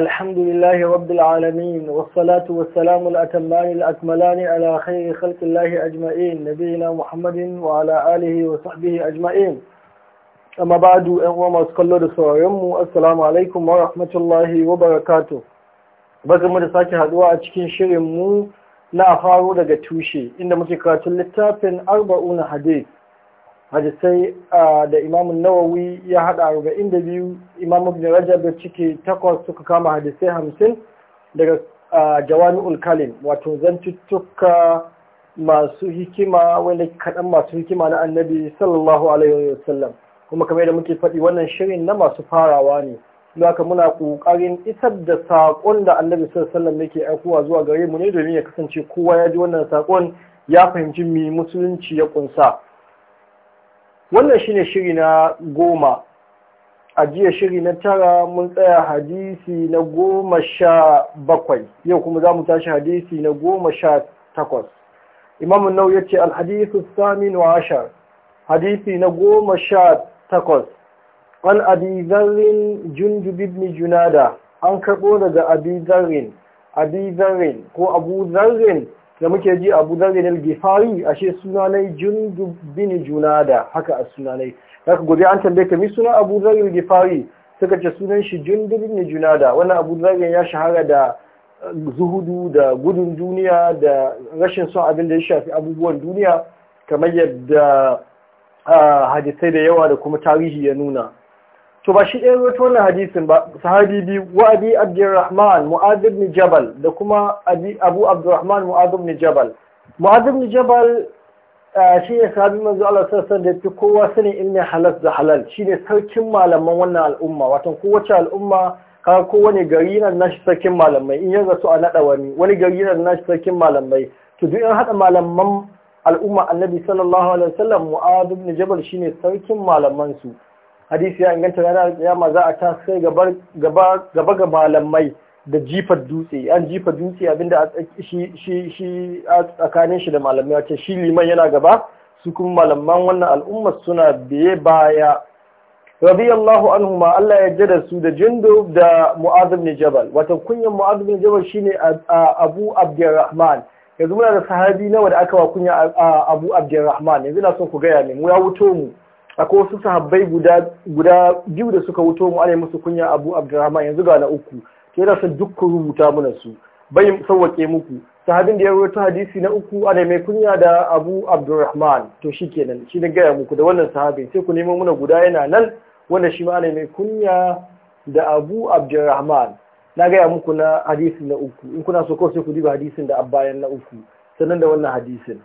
الحمد لله رب العالمين والصلاة والسلام الأتمان الأكملان على خير خلق الله أجمعين نبينا محمد وعلى آله وصحبه أجمعين أما بعد أنواع ما سكالله سوارم السلام عليكم ورحمة الله وبركاته بس من ساكي هدواء تشكين شرم مو na faru daga tushe inda muke karatun littafin arba'una hadith hadisai da imamun nawawi ya haɗa arba'in da biyu imam ibn rajab da cike takwas suka kama hadisai hamsin daga jawami'ul kalim wato zantuttuka masu hikima wanda kaɗan masu hikima na annabi sallallahu alaihi wa sallam kuma kamar da muke faɗi wannan shirin na masu farawa ne haka muna ƙoƙarin isar da saƙon da annabi sallallahu alaihi wa sallam yake aikowa zuwa gare mu ne domin ya kasance kowa ya ji wannan saƙon ya fahimci mi musulunci ya ƙunsa wannan shine shiri na goma a jiya shiri na tara mun tsaya hadisi na goma sha bakwai yau kuma za mu tashi hadisi na goma sha takwas imamu nau ya ce alhadisu samin wa ashar hadisi na goma sha takwas an abi zarrin junjubib junada an karɓo daga abi zarin abi zarin ko abu zarin. da muke ji abu zarri na gifari ashe sunanai jundub juna da, haka a sunanai ka gobe an tambaye ka mi suna abu zarri gifari suka ce sunan shi jundub juna da wannan abu ya shahara da uh, zuhudu da gudun duniya da rashin son abin da ya shafi abubuwan duniya kamar yadda uh, hadisai da yawa da kuma tarihi ya nuna to ba shi ɗaya ruwaito wannan hadisin ba sahabi biyu wa abi abdurrahman mu'adh ibn jabal da kuma abu abdurrahman mu'adh ibn jabal mu'adh ibn jabal shi ne sahabi manzo Allah sallallahu da fi kowa sanin ilmi halal da halal shine sarkin malaman wannan al'umma watan kowace al'umma kaga kowane gari yana nashi sarkin malamai in yanzu su a naɗa wani wani gari yana nashi sarkin malamai to duk yan haɗa malaman al'umma annabi sallallahu alaihi wasallam mu'adh ibn jabal shine sarkin malamansu. hadisi ya inganta ranar ma za a ta sai gaba ga malamai da jifa dutse an jifa dutse abinda a tsakanin shi da malamai wace shi liman yana gaba su kuma malaman wannan al'umma suna biye baya radiyallahu anhuma Allah ya jada su da jindub da mu'adh ibn jabal wata kunyan mu'adh ibn jabal shine abu abdurrahman yanzu muna da sahabi nawa da aka wa kunya abu abdurrahman yanzu na son ku gaya min mu ya wuto mu akwai wasu sahabbai guda biyu da suka wuto mu alai musu kunya Abu Abdurrahman yanzu ga na uku ke da san dukkan rubuta muna su bai sauwake muku sahabin da ya rubuta hadisi na uku alai mai kunya da Abu Abdurrahman to shikenan shi ne gaya muku da wannan sahabin sai ku nemo mana guda yana nan wanda shi ma alai mai kunya da Abu Abdurrahman na gaya muku na hadisi na uku in kuna so kawai sai ku diba hadisin da abayan na uku sannan da wannan hadisin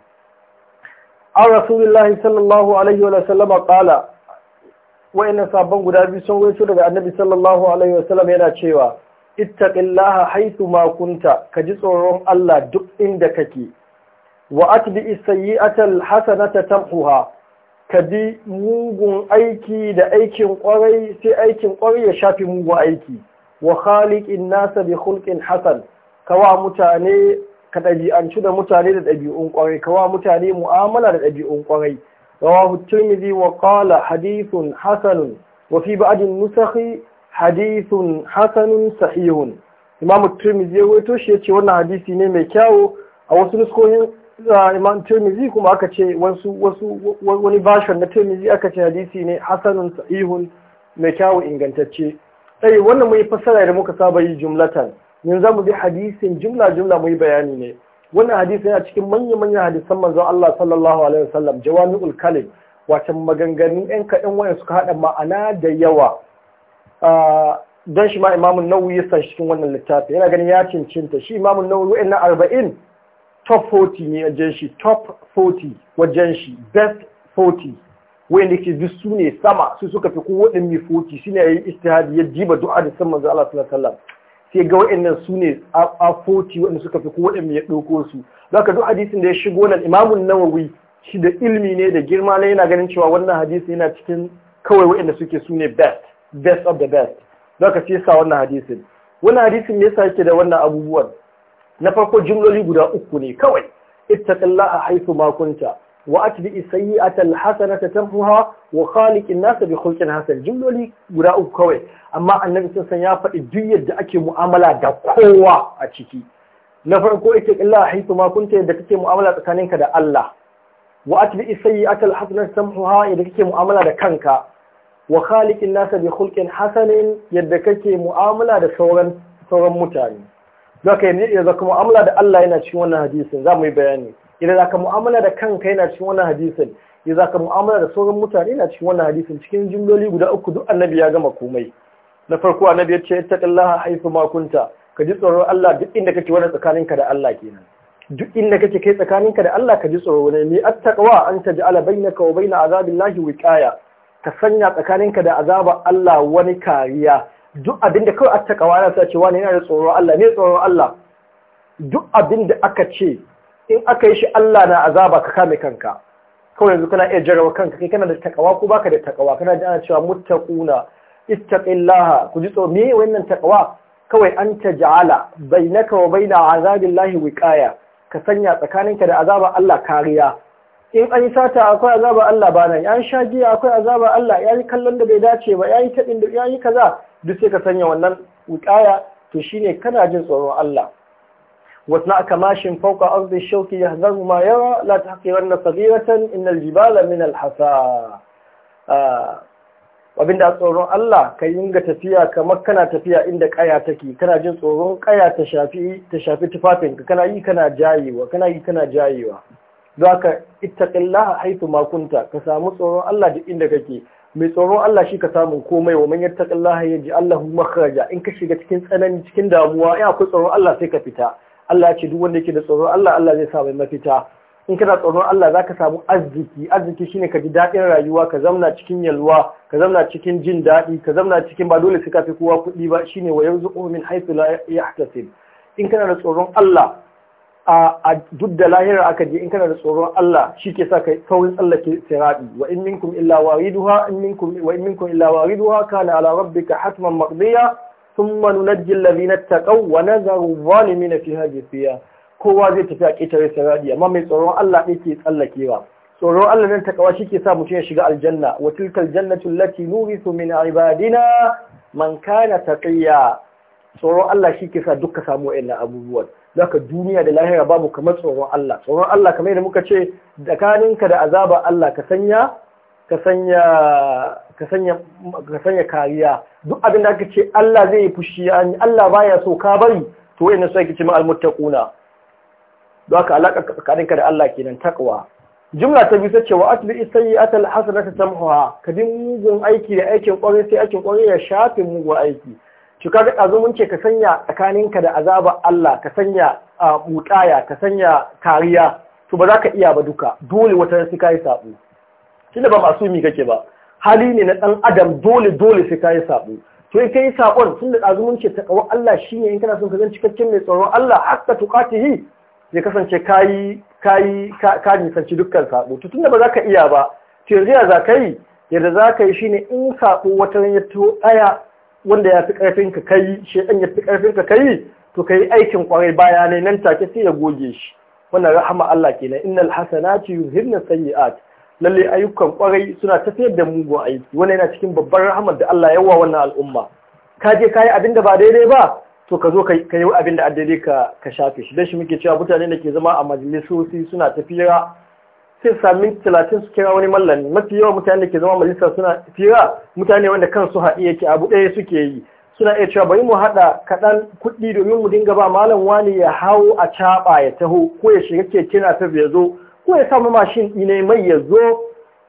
an rasulillahi sallallahu alaihi wa sallama qala wa'annan sabon guda biyu sun waito daga annabi sallallahu alaihi wa sallam yana cewa ittaqillaha haisu ma kunta ka ji tsoron Allah duk inda kake wa atbi sayyi'atal hasanata tamhuha ka bi mugun aiki da aikin kwarai sai aikin kwarai ya shafi mugun aiki wa khaliqin nasa bi khulqin hasan wa mutane ka ɗabi'antu da mutane da ɗabi'un ƙwarai wa mutane mu'amala da ɗabi'un ƙwarai rawahu tirmidhi wa qala hadithun hasanun wa fi ba'd nusakhi hadithun hasanun sahihun imam tirmidhi ya wato shi yace wannan hadisi ne mai kyawo a wasu nuskohin imam tirmidhi kuma aka ce wani version na tirmidhi aka ce hadisi ne hasanun sahihun mai kyawu ingantacce sai eh, wannan mai fassara da muka saba yi jumlatan yanzu za mu bi hadisin jumla jumla mu yi bayani ne wannan hadisi yana cikin manya-manyan hadisan manzon Allah sallallahu alaihi wasallam jawami'ul kalim wato maganganun ɗan kaɗan wayan suka haɗa ma'ana da yawa don shi ma imamun nawawi ya san cikin wannan littafi yana ganin ya cincinta shi imamun nawawi wa'in na arba'in top 40 ne wajen shi top 40 wajen shi best 40 wanda ke duk su ne sama su suka fi kowaɗin mai 40 shi ne ya yi istihadi ya jiba du'a da san manzo Allah sallallahu alaihi wasallam sai ga waɗannan su ne a 40 waɗanda suka fi ko waɗanda ya ɗauko su za ka duk hadisin da ya shigo nan imamun nawawi shi da ilmi ne da girma na yana ganin cewa wannan hadisi yana cikin kawai waɗanda suke su ne best best of the best za ka sa wannan hadisin wannan hadisin me yasa yake da wannan abubuwan na farko jimloli guda uku ne kawai ittaqillaha haythu ma kunta wa atbi sayyi'ata alhasanata tamhuha wa khaliq an-nas bi khulqin hasan jumloli guda uku kawai amma annabi sun san ya faɗi duk yadda ake mu'amala da kowa a ciki na farko yake illa haitu ma kunta yadda kake mu'amala tsakaninka da Allah wa atbi sayyi'ata alhasanata tamhuha yadda kake mu'amala da kanka wa khaliq an-nas bi khulqin hasanin yadda kake mu'amala da sauran sauran mutane zaka yi ne da kuma mu'amala da Allah yana cikin wannan hadisin za mu yi bayani idan za ka mu'amala da kanka yana cikin wannan hadisin idan za ka mu'amala da sauran mutane yana cikin wannan hadisin cikin jimloli guda uku duk annabi ya gama komai na farko annabi ya ce taƙallaha haifu makunta ka ji tsoron Allah duk inda kake wani tsakaninka da Allah kenan duk inda kake kai tsakaninka da Allah ka ji tsoro ne ni attaqwa an taj'ala bainaka wa baina azabillahi wiqaya ka sanya tsakaninka da azaba Allah wani kariya duk abinda kawai attaqwa ana sa cewa ne yana da tsoron Allah ne tsoron Allah duk abinda aka ce in aka yi shi Allah na azaba ka kame kanka kawai yanzu kana iya jarawa kanka kai kana da takawa ko baka da takawa kana ji ana cewa muttaquna ittaqillaha ku ji tsoro me wannan takawa kawai an taj'ala bainaka wa baina azabillahi wiqaya ka sanya tsakaninka da azaba Allah kariya in an yi sata akwai azaba Allah bana ya sha giya akwai azaba Allah ya yi kallon da bai dace ba ya yi taɗin da ya yi kaza duk sai ka sanya wannan wukaya to shine kana jin tsoron Allah واصنع كماش فوق أرض الشوك يهذر ما يرى لا تحقرن صغيرة إن الجبال من الحسا Abin da tsoron Allah ka yinga tafiya kamar kana tafiya inda kaya take kana jin tsoron kaya ta shafi ta shafi tufafinka kana yi kana jayewa kana yi kana jayewa za ka ittaqillaha haythu ma kunta ka samu tsoron Allah duk inda kake mai tsoron Allah shi ka samu komai wa man yattaqillaha yaj'al lahu makhraja in ka shiga cikin tsanani cikin damuwa ya akwai tsoron Allah sai ka fita Allah ce duk wanda yake da tsoron Allah Allah zai sa mai mafita in kana tsoron Allah zaka samu arziki arziki shine ka ji daɗin rayuwa ka zamna cikin yalwa ka zamna cikin jin daɗi ka zamna cikin ba dole sai ka fi kowa kuɗi ba shine wa yarzuqu min haythu la yahtasib in kana da tsoron Allah a duk da lahira aka je in kana da tsoron Allah shi ke sa kai saurin tsallake sirabi wa in minkum illa wariduha in minkum wa in minkum illa wariduha kana ala rabbika hatman maqdiya thumma nunajji na taqaw wa nazaru zalimin fiha fiya. kowa zai tafi a ƙetare sarari amma mai tsoron Allah ne ke tsallakewa tsoron Allah nan takawa shi ke sa mutum ya shiga aljanna wa tilkal Lati, Nuri, nurithu min ibadina man kana taqiya tsoron Allah shi ke sa duka samu wa'annan abubuwan zaka duniya da lahira babu kamar tsoron Allah tsoron Allah kamar yadda muka ce tsakaninka da azaba Allah ka sanya ka sanya ka sanya kariya duk abin da aka ce Allah zai yi fushi an Allah baya so ka bari to wayannan sai kace ma almuttaquna don haka alaka tsakaninka da Allah kenan takwa jumla ta biyu ta ce wa atbi Hassana ta tamhuha ka bi mugun aiki da aikin kwarai sai aikin kwarai ya shafe mugun aiki to kaga dazu mun ce ka sanya tsakanin ka da azabar Allah ka sanya mutaya ka sanya kariya to ba za ka iya ba duka dole wata sai kai sabo kina ba masu mi kake ba hali ne na ɗan adam dole dole sai ka yi saɓo. to in ka yi saɓon, tun da ɗazumin ce ta ƙawar Allah shi ne in kana son ka zan cikakken mai tsoron Allah haka yi, ya kasance ka yi ka nisanci dukkan saɓo. to tun da ba za ka iya ba to yanzu ya za ka yi yadda za ka yi shi ne in saɓo wata ya to ɗaya wanda ya fi ƙarfin ka kai shi ya fi ƙarfin ka kai to ka yi aikin ƙwarai baya ne nan take sai ya goge shi wannan rahama Allah kenan innal hasanati yuzhibna sayyi'ati. lalle ayyukan kwarai suna tafiyar da mugun aiki wannan yana cikin babbar rahamar da Allah yawa wannan al'umma ka je ka yi abin da ba daidai ba to ka zo ka yi abin da daidai ka ka shafe shi dan shi muke cewa mutane da ke zama a majalisoci suna tafira sai sami talatin su kira wani mallami mafi yawan mutane da ke zama majalisa suna tafira mutane wanda kansu haɗi yake abu ɗaya suke yi suna iya cewa bari mu haɗa kaɗan kuɗi domin mu dinga ba malam wani ya hawo a caɓa ya taho ko ya shiga keke na ya zo ko ya samu mashin ne mai ya zo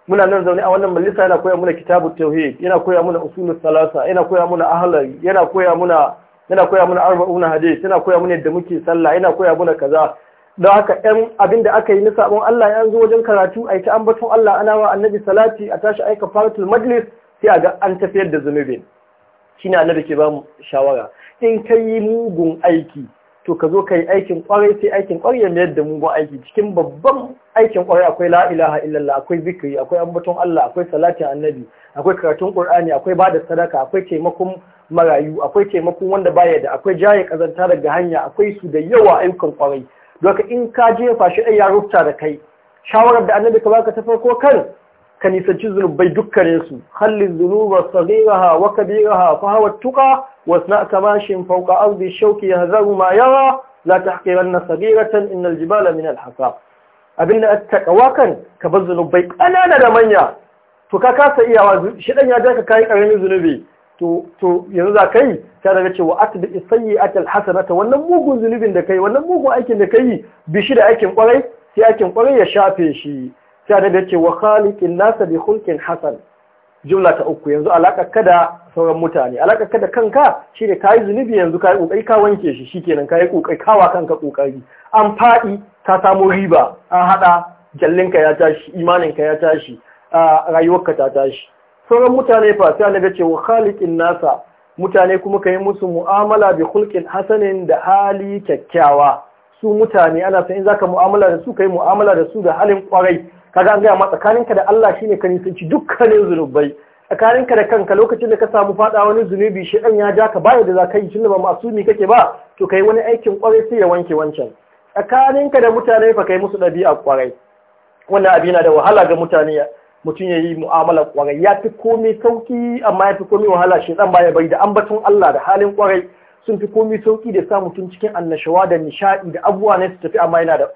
muna nan zaune a wannan majalisa yana koya muna kitabu tauhid yana koya muna usulul salasa yana koya muna ahlari yana koya muna yana koya muna arba'una hadith yana koya muna yadda muke sallah yana koya muna kaza don haka 'yan abin da aka yi na sabon Allah ya zo wajen karatu a yi ta ambaton Allah ana wa annabi salati a tashi aika faratul majlis sai a ga an tafiyar da zunubin shine annabi ke ba mu shawara in ka yi mugun aiki to ka zo ka yi aikin kwarai sai aikin kwarai ya mayar da mugun aiki cikin babban aikin ƙwarai akwai la ilaha illallah akwai zikiri akwai ambaton Allah akwai salatin annabi akwai karatun Qur'ani akwai bada sadaka akwai taimakon marayu akwai taimakon wanda baya da akwai jaye kazanta daga hanya akwai su da yawa ayyukan ƙwarai doka in ka jefa shi ai ya rubuta da kai shawarar da annabi ka baka ta farko kan ka nisanci zunubai dukkanin su halli zunuba saghiraha wa kabiraha fa hawa tuqa wasna kamashin fawqa ardi shawki yahzaru ma yara la tahqiranna innal jibala min al-hasab abin da takawa kan ka bar zunubai ƙanana da manya to ka kasa iyawa shi dan ya ja ka kai karamin zunubi to to yanzu za kai ta daga cewa atbi sayyi'atal hasanata wannan mugun zunubin da kai wannan mugun aikin da kai bi shi da aikin kwarai sai aikin kwarai ya shafe shi ta daga cewa khaliqin nasa bi khulqin hasan jumla ta uku yanzu alakar kada sauran mutane alakar kada kanka Shi ne. ka yi zunubi yanzu ka yi kokari ka wanke shi shikenan ka yi kokari kawa kanka kokari an faɗi ka samu riba an haɗa ka ya tashi imaninka ya tashi rayuwarka ta tashi sauran mutane fa sai na ce wa khaliqin nasa mutane kuma ka yi musu mu'amala bi khulqin hasanin da hali kyakkyawa su mutane ana san in zaka mu'amala da su kai mu'amala da su da halin kwarai kaga an gaya ma tsakaninka da Allah shine ka nisanci dukkanin zunubai tsakaninka da kanka lokacin da ka samu fada wani zunubi shi ɗan ya ja ka baya da za ka yi tunda ba masumi kake ba to kai wani aikin kwarai sai ya wanke wancan tsakaninka da mutane fa kai musu ɗabi'a kwarai wannan abin na da wahala ga mutane mutum ya yi mu'amala kwarai ya fi komai sauki amma ya fi komai wahala shi dan baya bai da ambaton Allah da halin kwarai sun fi komai sauki da sa mutum cikin annashawa da nishaɗi da abubuwa ne su tafi amma yana da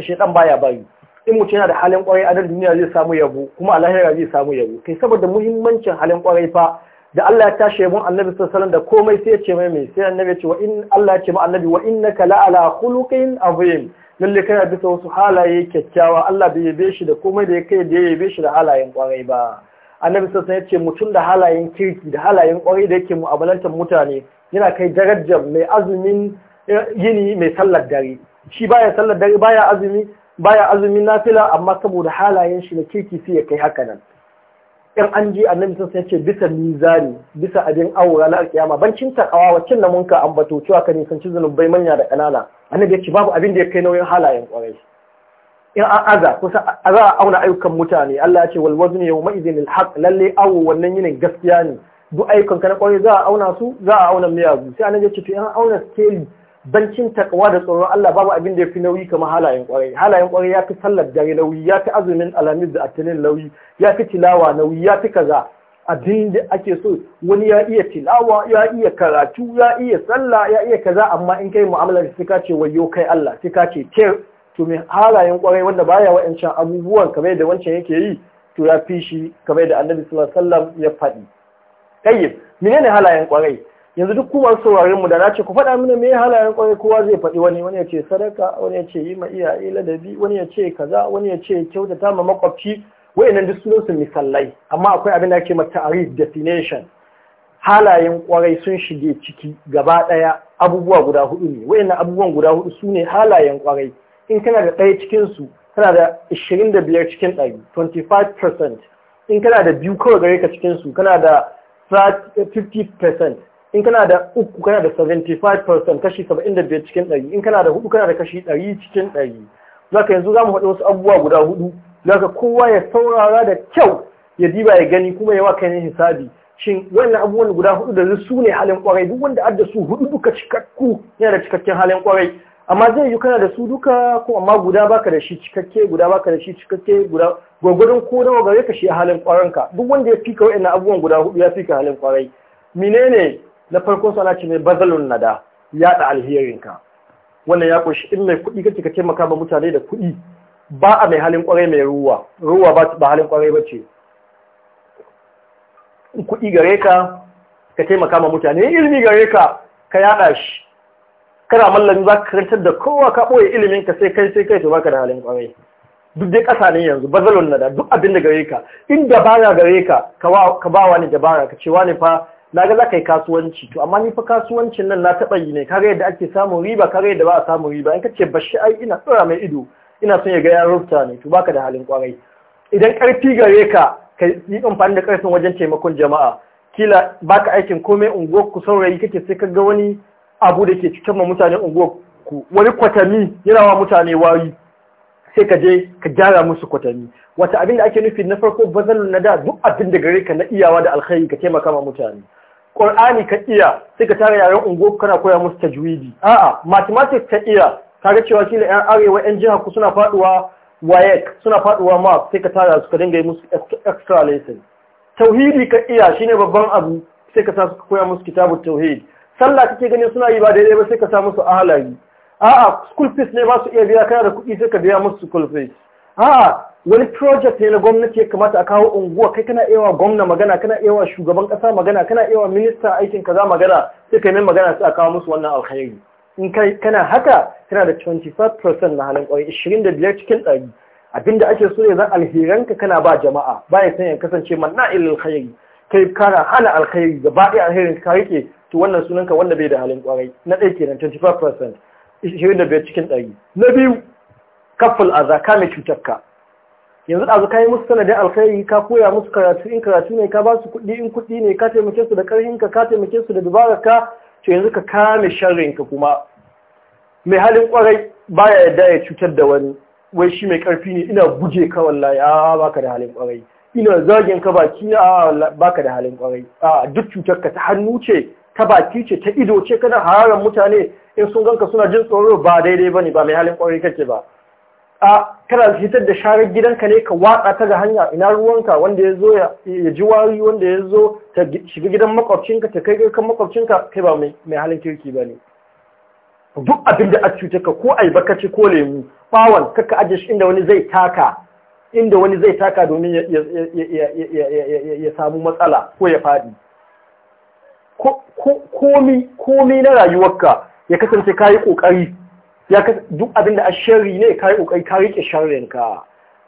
shedan baya bayu in mutum yana da halin kwarai a nan duniya zai samu yabo kuma alahira zai samu yabo kai saboda muhimmancin halin kwarai fa da Allah ya tashi yabon annabi sallallahu da komai sai ya ce mai mai sai annabi ya ce wa in Allah ya ce ma annabi wa innaka la ala khuluqin azim lalle kana bisa wasu halaye kyakkyawa Allah bai yabe shi da komai da ya kai da ya yabe shi da halayen kwarai ba annabi sallallahu ya ce mutum da halayen kirki da halayen kwarai da yake mu'amalantar mutane yana kai darajar mai azumin eh, yini mai sallar dare shi baya sallar dare baya azumi baya azumin nafila amma saboda halayen shi na kirki sai ya kai haka nan in an ji annabi sun sai ce bisa mizani bisa abin aura na alkiyama bancin takawa wacce na munka ambato cewa ka nisanci zunubai manya da kanana annabi ya ce babu abin da ya kai nauyin halayen kwarai in an aza kusa za a auna ayyukan mutane Allah ya ce wal wazni yawma idhin al haqq lalle awo wannan yinin gaskiya ne duk ayyukan ka na kwarai za a auna su za a auna miyagu sai annabi ya ce to in auna scale bancin takawa da tsoron Allah babu abin da ya fi nauyi kamar halayen kwarai halayen kwarai ya fi sallar dare nauyi ya fi azumin alamis da atinin nauyi ya fi tilawa nauyi ya fi kaza abin da ake so wani ya iya tilawa ya iya karatu ya iya sallah ya iya kaza amma in kai mu'amalar sai ka ce wayo kai Allah sai ka ce ke to me halayen kwarai wanda baya wa'ancan abubuwan kamar da wancan yake yi to ya fi shi kamar da Annabi sallallahu alaihi wasallam ya faɗi tayyib menene halayen kwarai yanzu duk kuma saurarin mu da na ce ku faɗa mini me halayen ƙwarai kowa zai faɗi wani wani ya ce sadaka wani ya ce yi ma iyaye ladabi wani ya ce kaza wani ya ce kyautata ma makwabci wayannan duk sun su misallai amma akwai abin da ake ma ta'arif definition halayen ƙwarai sun shige ciki gaba ɗaya abubuwa guda hudu ne wayannan abubuwan guda hudu su ne halayen ƙwarai? in kana da ɗaya cikin su kana da da biyar cikin ɗari 25% in kana da biyu kawai gare ka cikin su kana da 50% in kana da uku kana da 75% kashi 75 cikin 100 in kana da hudu kana da kashi 100 cikin 100 zaka yanzu zamu faɗi wasu abubuwa guda hudu zaka kowa ya saurara da kyau ya diba ya gani kuma ya waka ne hisabi shin wannan abubuwan guda hudu da su ne halin kwarai duk wanda adda su hudu duka cikakku yana da cikakken halin kwarai amma zai yi kana da su duka ko amma guda baka da shi cikakke guda baka da shi cikakke guda gwagwadon ko nawa gare ka shi halin ka duk wanda ya fika wa'annan abubuwan guda hudu ya fika halin kwarai menene na farko ana ce mai bazalun nada yaɗa alherinka wannan ya kunshi in mai kuɗi kake ka taimaka ma mutane da kuɗi ba a mai halin kwarai mai ruwa ruwa ba ba halin kwarai bace ce. kuɗi gare ka ka taimaka ma mutane ilimi gare ka ka yaɗa shi kana mallan za ka karantar da kowa ka ɓoye ilimin ka sai kai sai kai to baka da halin kwarai duk dai ƙasa ne yanzu bazalon nada duk abin da gare ka inda baya gare ka ka ba wani dabara ka ce wani fa na ga za ka yi kasuwanci to amma ni fa kasuwancin nan na taɓa yi ne kaga yadda ake samun riba kaga yadda ba a samun riba in ka ce bashi ai ina tsora mai ido ina son ya ga yaran rufta ne to baka da halin kwarai idan ƙarfi gare ka ka yi amfani da ƙarfin wajen taimakon jama'a kila baka aikin komai unguwar ku saurayi kake sai ka ga wani abu da ke cikin ma mutanen unguwar ku wani kwatami yana wa mutane wari sai ka je ka gyara musu kwatami wata abin da ake nufi na farko bazalun na da duk abin da gare ka na iyawa da alkhairi ka taimaka ma mutane Qur'ani ka iya sai ka tara yaren ungo kana koya musu tajwidi a'a mathematics ka iya ga cewa kila yan arewa yan jiha ku suna faduwa wayek suna faduwa ma sai ka tara su ka dinga yi musu extra lesson tauhidi ka iya shi ne babban abu sai ka sa koya musu kitabun tauhid sallah kake ganin suna yi ba daidai ba sai ka sa musu ahlari a'a school fees ne ba su iya biya kana da kuɗi sai ka biya musu school fees a'a wani project ne na gwamnati ya kamata a kawo unguwa kai kana iya gwamna magana kana iya shugaban kasa magana kana iya minista aikin kaza magana sai kai mai magana sai a kawo musu wannan alkhairi in kai kana haka kana da 25% na halin kwai 25 cikin 100 abinda ake so ya zan alheranka kana ba jama'a ya san ya kasance na ilal alkhairi kai kana hana alkhairi gaba ɗaya alherin ka rike to wannan sunanka wanda bai da halin kwai na ɗaya kenan 25% 25 cikin 100 na biyu kafal azaka mai cutarka yanzu ɗazu ka yi musu sanadin alkhairi ka koya musu karatu in karatu ne ka ba su kuɗi in kuɗi ne ka taimake su da ƙarfinka ka ka taimake su da dubarar ka to yanzu ka kame sharrinka kuma mai halin ƙwarai baya yadda ya cutar da wani wai shi mai ƙarfi ne ina guje ka wallahi a baka da halin ƙwarai ina zagin ka baki a baka da halin ƙwarai a duk cutar ka ta hannu ce ta baki ce ta ido ce kana hararan mutane in sun ganka suna jin tsoro ba daidai bane ba mai halin ƙwarai kake ba a kana fitar da sharar gidanka ne ka watsa ta ga hanya ina ruwanka wanda ya zo ya ji wari wanda ya zo ta shiga gidan makwabcinka ta kai kan makwabcinka kai ba mai halin kirki ba ne duk abin da a cuta ka ko ci ko lemu bawon kakka ajiye shi inda wani zai taka inda wani zai taka domin ya samu matsala ko ya faɗi komi na rayuwarka ya kasance kayi yi ƙoƙari ya duk abin da asharri ne kai ƙoƙari ka rike sharrin ka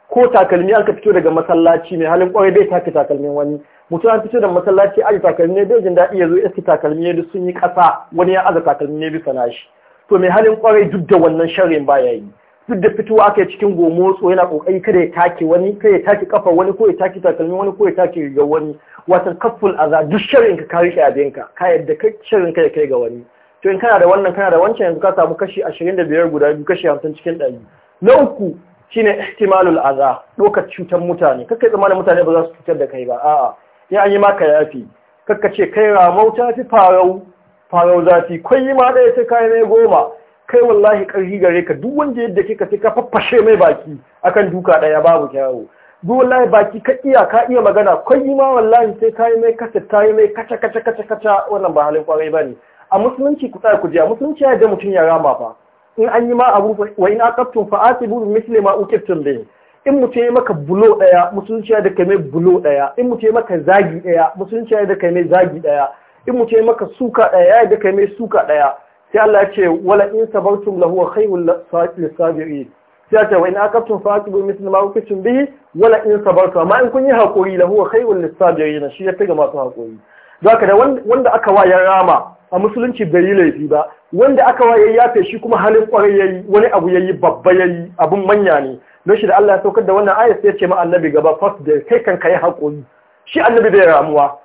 ko takalmi aka fito daga masallaci mai halin kwarai bai take takalmin wani mutum an fito da masallaci aji takalmi ne bai jin daɗi ya zo iske takalmi ne duk sun yi ƙasa wani ya aza takalmi ne bisa nashi to mai halin kwarai duk da wannan sharrin ya yi duk da fitowa aka yi cikin gomotso yana kokari kada ya take wani kada ya take kafa wani ko ya take takalmi wani ko ya take riga wani wata kaful aza duk sharrin ka ka rike abinka ka yadda ka sharrin ka ya kai ga wani to in kana da wannan kana da wancan yanzu ka samu kashi 25 guda biyu kashi 50 cikin ɗari. na uku shine ihtimalul aza dokar cutar mutane kakkai zamanin mutane ba za su cutar da kai ba a'a ya an yi maka yafi kakka ce kai ramau ta fi farau farau zafi kwai ma ɗaya sai kayan goma kai wallahi ƙarfi gare ka duk wanda yadda kika sai ka faffashe mai baki akan duka ɗaya babu kyawu duk wallahi baki ka iya ka iya magana kwai ma wallahi sai kayan mai kasa ta yi mai kaca kaca kaca kaca wannan ba halin kwarai ba ne a musulunci ku sai ku je a musulunci ya da mutum ya rama fa in an yi ma abu wa in aqabtum fa atibu bi misli ma uqibtum bi in mutun yi maka bulo daya musulunci ya da kai mai bulo daya in mutun yi maka zagi daya musulunci ya da kai mai zagi daya in mutun yi maka suka daya ya da kai mai suka daya sai Allah ya ce wala in sabartum lahu khayrul lisabiri sai ta wa in aqabtum fa aqibu misli ma uqibtum bi wala in sabartum amma in kun yi hakuri lahu khayrul lisabiri shi ya fi ga masu hakuri zaka da wanda aka wa ya rama a musulunci bai yi laifi ba wanda aka waye ya fe shi kuma halin kwarai yi, wani abu yayi babba yayi abun manya ne don shi da Allah ya saukar da wannan ayat sai ya ce ma annabi gaba first day kai kan kai hakuri shi annabi bai ramuwa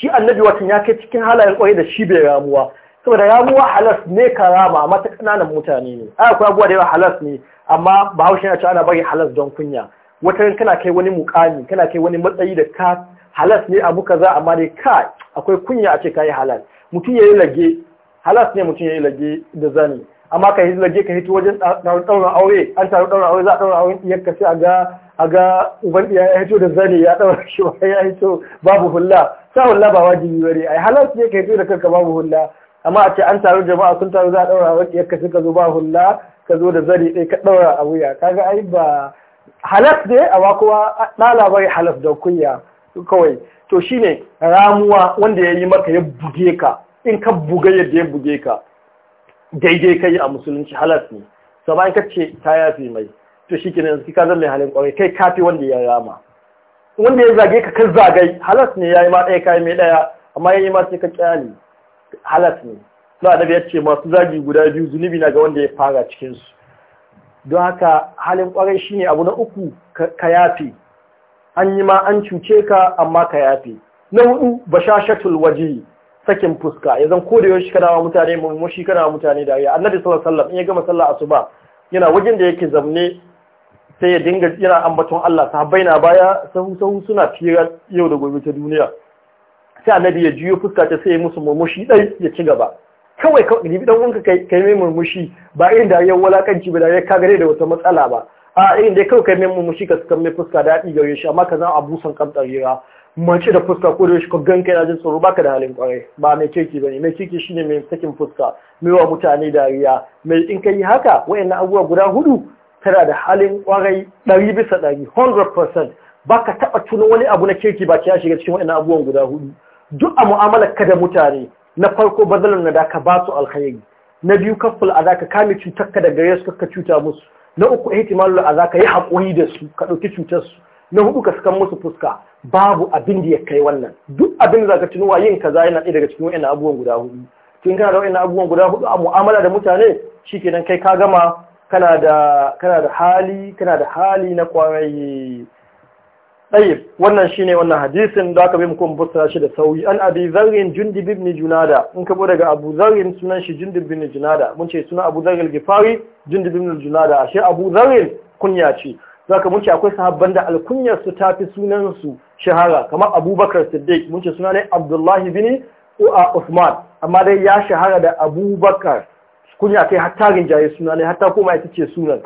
shi annabi watan ya kai cikin halayen kwarai da shi bai ramuwa saboda ramuwa halas ne karama amma ta kananan mutane ne ai akwai abubuwa da yawa halas ne amma bahaushe ya ce ana bari halas don kunya wata kana kai wani mukami kana kai wani matsayi da ka halas ne abu kaza amma dai ka akwai kunya a ce kai halal mutum yayi lage halas ne mutum yayi lage da zani amma ka yi lage ka hito wajen ɗaurin aure an taru ɗaurin aure za a ɗaurin aure iyakka sai a ga a ga uban ya hito da zani ya ɗaura shi ba ya hito babu hulla sa hulla ba wajibi bare ai halas ne ka hito da kanka babu hulla amma a ce an taru jama'a sun taru za a ɗaura aure iyakka sai ka zo ba hulla ka zo da zani ɗaya ka ɗaura a wuya kaga ai ba halas ne amma kuma na bai halas da kunya kawai to shine ramuwa wanda ya yi maka ya buge ka in ka buga yadda ya buge ka daidai kai a musulunci halas ne saboda ka ce ta yafi mai to shi kenan ka zan mai halin kwarai kai kafi wanda ya rama wanda ya zage ka kan zagai halas ne ya yi ma ɗaya kayan mai ɗaya amma ya yi ma sai ka kyale halas ne to annabi ya ce masu zagi guda biyu zunubi na ga wanda ya fara cikinsu don haka halin kwarai shine abu na uku ka yafe an yi ma an cuce ka amma ka yafe na hudu bashashatul waje sakin fuska ya zan koda yau kana wa mutane murmushi kana wa mutane dariya annabi sallallahu alaihi wasallam in ya gama sallah asuba yana wajen da yake zamne sai ya dinga yana ambaton Allah sahabbai na baya sahu sahu suna fira yau da gobe ta duniya sai annabi ya juyo fuska ta sai ya musu murmushi dai ya ci gaba kawai kawai ni dan wanka kai kai mai murmushi ba irin da ya walakanci ba dariyar ka gare da wata matsala ba a irin dai kawai kai mai murmushi ka suka mai fuska da ya ɗi gare shi amma ka zama abusan kamtarira mace da fuska ko da shi ka ganka yana jin tsoro baka da halin kwarai ba mai kirki ne. mai kirki shine mai sakin fuska mai wa mutane dariya mai in yi haka wayannan abubuwa guda hudu tana da halin kwarai ɗari bisa ɗari 100% baka taɓa tuna wani abu na kirki ba ya shiga cikin wayannan abubuwan guda hudu duk a mu'amalar ka da mutane na farko bazalar na da ka ba su alkhairi na biyu kaful a ka kame cutar ka da gare su ka cuta musu na uku ihtimalul a za ka yi haƙuri da su ka ɗauki cutar su na hudu ka sukan musu fuska babu abin da ya kai wannan duk abin da zaka tunuwa yin kaza yana ɗaya daga cikin wa'annan abubuwan guda hudu kin kana da wa'annan abubuwan guda hudu a mu'amala da mutane shikenan kai ka gama kana da kana da hali kana da hali na kwarai طيب wannan shine wannan hadisin da aka bi mu kuma fassara shi da sauyi an abi zarrin jundib ibn junada in ka bo daga abu zarrin sunan shi jundib ibn junada mun ce sunan abu zarrin gifari jundib ibn junada ashe abu zarrin kunya ce zaka mun ce akwai sahabban da alkunyar su tafi sunan su shahara kamar Abubakar Siddiq mun ce suna ne Abdullahi bin Uthman amma dai ya shahara da Abubakar kunya kai tarin rinjaye suna ne hatta kuma ita ce sunan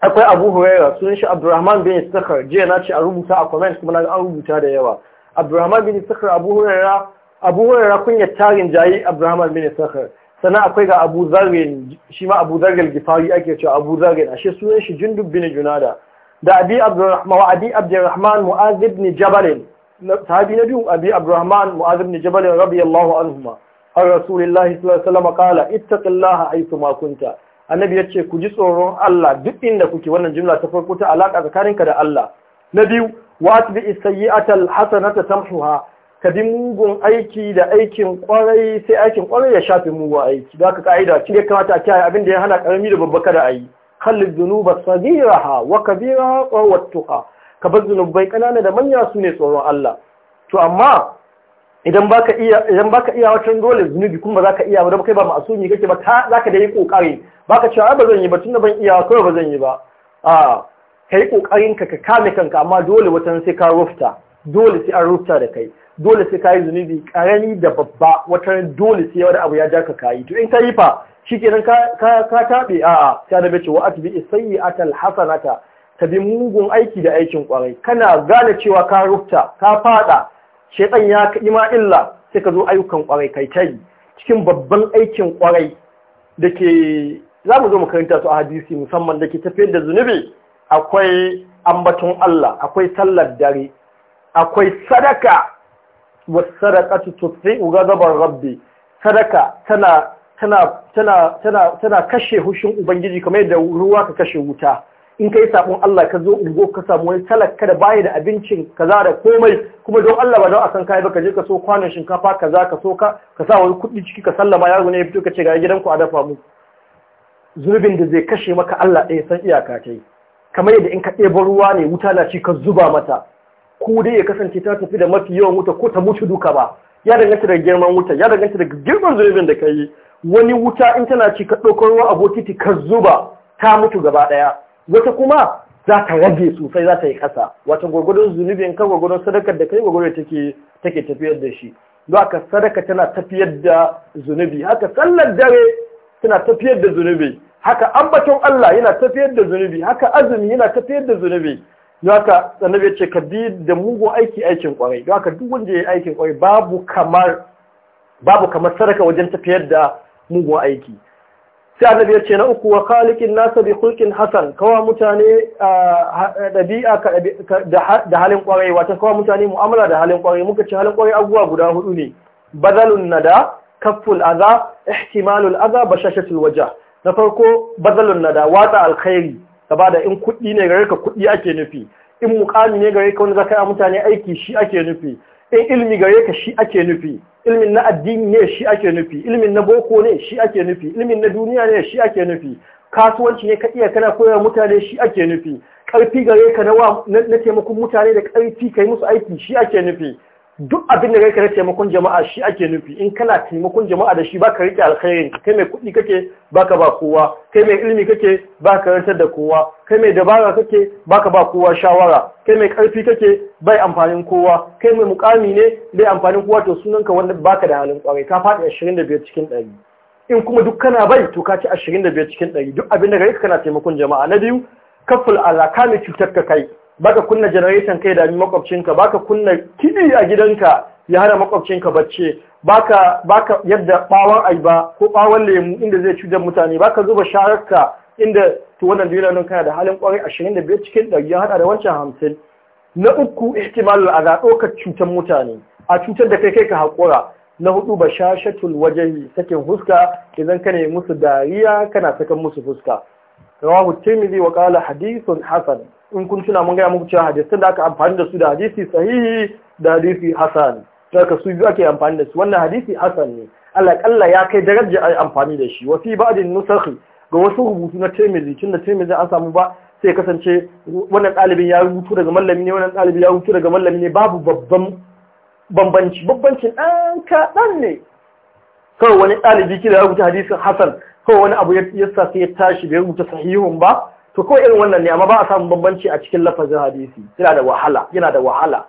akwai Abu Huraira sunan shi Abdurrahman bin Sakhar jiya na ce a rubuta a comment kuma na an rubuta da yawa Abdurrahman bin Sakhar Abu Huraira Abu Huraira kunya tarin jayi Abdurrahman bin Sakhar sannan akwai ga Abu Zarrin shi ma Abu Zarrin Gifari ake cewa Abu Zarrin ashe sunan shi Jundub bin Junada da abi abdurrahman wa abi abdurrahman mu'az ibn jabal sahabi na biyu abi abdurrahman mu'az ibn jabal radiyallahu anhuma har rasulullahi sallallahu alaihi wasallam kala ittaqillaha haythu ma kunta annabi yace ku ji tsoron Allah duk inda kuke wannan jumla ta farko ta alaka tsakaninka da Allah na biyu wa atbi as-sayyi'ata al-hasanata tamhuha ka bi mugun aiki da aikin kwarai sai aikin kwarai ya shafe mugun aiki za ka ka'ida shi ne kamata a kiyaye abin da ya hana karami da babba kada a yi khallid dhunuba sagiraha wa Kabira wa ka bar zunubai kanana da manya su ne tsoron Allah to amma idan baka iya idan baka iya dole zunubi kuma zaka iya ba kai ba yi. kake ba ta zaka da yi kokari baka cewa ba zan yi ba tunda ban iya kawai ba zan yi ba a kai kokarin ka ka kame kanka amma dole watan sai ka rufta dole sai an rufta da kai dole sai yi zunubi karami da babba wata dole sai wani abu ya ja ka kayi to in ka yi fa shikenan ka ka ka a a'a sai da bace wa atbi sayyi'atal hasanata ka bi mugun aiki da aikin kwarai kana gane cewa ka rufta ka faɗa. shaytan ya yi ma illa sai ka zo ayyukan kwarai kai tai cikin babban aikin kwarai da ke za mu zo mu karanta su a hadisi musamman da ke tafiyar da zunubi akwai ambaton Allah akwai sallar dare akwai sadaka wasarakatu tutfi'u ghadabar rabbi sadaka tana tana tana tana tana kashe hushin ubangiji kamar yadda ruwa ka kashe wuta in kai sabon Allah ka zo ungo ka samu wani talaka da bayi da abincin kaza da komai kuma don Allah ba don a san kai ba ka je ka so kwanan shinkafa kaza ka so ka ka sa wani kuɗi ciki ka sallama yaro ne ya fito ka ce ga gidanku a dafa mu Zurbin da zai kashe maka Allah ɗaya san iyaka ta yi kamar yadda in ka ɗebo ruwa ne wuta na ci ka zuba mata ko dai ya kasance ta tafi da mafi yawan wuta ko ta mutu duka ba ya danganta daga girman wuta ya danganta daga girman zunubin da ka yi wani wuta in tana ci ka ɗauko ruwa a bokiti ka zuba ta mutu gaba ɗaya wata kuma za ta rage sosai za ta yi ƙasa wata gwagwadon zunubin ka gwagwadon sadakar da kai gwagwadon take take tafiyar da shi don haka sadaka tana tafiyar da zunubi haka sallar dare tana tafiyar da zunubi haka ambaton Allah yana tafiyar da zunubi haka azumi yana tafiyar da zunubi don haka annabi ya ce ka bi da mugun aiki aikin kwarai don duk wanda ya yi aikin kwarai babu kamar babu sadaka wajen tafiyar da mugu aiki sai annabi ya ce na uku wa khaliqin nasa bi khulqin hasan kawa mutane dabi'a da halin kwarai wato kawa mutane mu'amala da halin kwarai muka ce halin kwarai abubuwa guda hudu ne bazalun nada kafful aza ihtimalul aza bashashatul wajh na farko bazalun nada watsa alkhairi ka in kuɗi ne gare ka kuɗi ake nufi in muƙami ne gare ka wanda za ka yi mutane aiki shi ake nufi in ilmi gare ka shi ake nufi ilmin na addini ne shi ake nufi ilmin na boko ne shi ake nufi ilmin na duniya ne shi ake nufi kasuwanci ne ka iya kana koya mutane shi ake nufi ƙarfi gare ka na taimakon mutane da ƙarfi ka yi musu aiki shi ake nufi duk abin da kai taimakon jama'a shi ake nufi in kana taimakon jama'a da shi baka rike alkhairin kai mai kuɗi kake baka ba kowa kai mai ilimi kake baka karantar da kowa kai mai dabara kake baka ba kowa shawara kai mai karfi kake bai amfanin kowa kai mai mukami ne bai amfanin kowa to sunanka wanda baka da halin kwarai ka faɗi 25 cikin 100 in kuma duk kana bai to ka ci 25 cikin 100 duk abin da kai kana taimakon jama'a na biyu kaful mai cutar ka kai baka kunna generation kai da makwabcinka baka kunna kidi a gidanka ya hana makwabcinka bacci baka baka yadda bawon aiba ko bawon lemu inda zai cutar mutane baka zuba shararka inda to wannan duniya nan kana da halin da 25 cikin 100 ya hada da wancan hamsin. na uku a ga ɗaukar cutar mutane a cutar da kai kai ka haƙura na hudu ba shatul wajen sakin fuska idan ka ne musu dariya kana sakan musu fuska rawahu tirmidhi wa qala hadithun hasan in kun tuna mun gaya muku cewa hadisi. da aka amfani da su da hadisi sahihi da hadisi hasan daga su biyu ake amfani da su wannan hadisi hasan ne alaƙalla ya kai darajar a amfani da shi wafi ba'adin nusakhi ga wasu rubutu na tirmidhi tun da tirmidhi an samu ba sai kasance wannan ɗalibin ya rubutu daga mallami ne wannan ɗalibin ya rubutu daga mallami ne babu babban bambanci bambancin ɗan kaɗan ne kawai wani ɗalibi da ya rubuta hadisin hasan kawai wani abu ya sa sai ya tashi bai rubuta sahihun ba to ko irin wannan ne amma ba a samun bambanci a cikin lafazin hadisi yana da wahala yana da wahala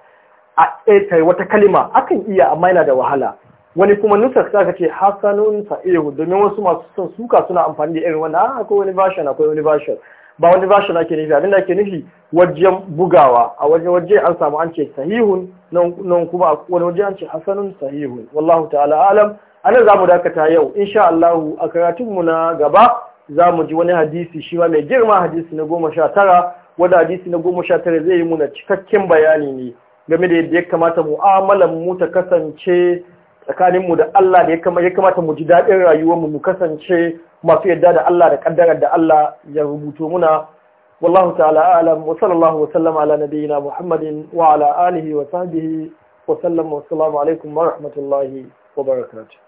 a eh, kai wata kalima akan iya amma yana da wahala wani kuma nusar ta kace hasanun sa'ihu domin wasu masu son suka suna amfani da irin wannan ah, akwai wani version akwai wani version ba wani version ake nufi abinda ake nufi wajen bugawa a wajen waje an samu an ce sahihun nan kuma wani waje an ce hasanun sahihun wallahu ta'ala alam anan zamu dakata yau insha Allah a karatunmu na gaba za mu ji wani hadisi shi ma mai girma hadisi na goma sha tara Wani hadisi na goma sha tara zai yi muna cikakken bayani ne game da yadda ya kamata mu'amalan mu ta kasance tsakaninmu da Allah da ya kamata mu ji daɗin rayuwarmu mu kasance masu yadda da Allah da ƙaddarar da Allah ya rubuto muna wallahu ta'ala alam wa sallallahu wa sallam ala nabiyyina muhammadin wa ala alihi wa sahbihi wa sallam wa assalamu alaikum wa rahmatullahi wa barakatuh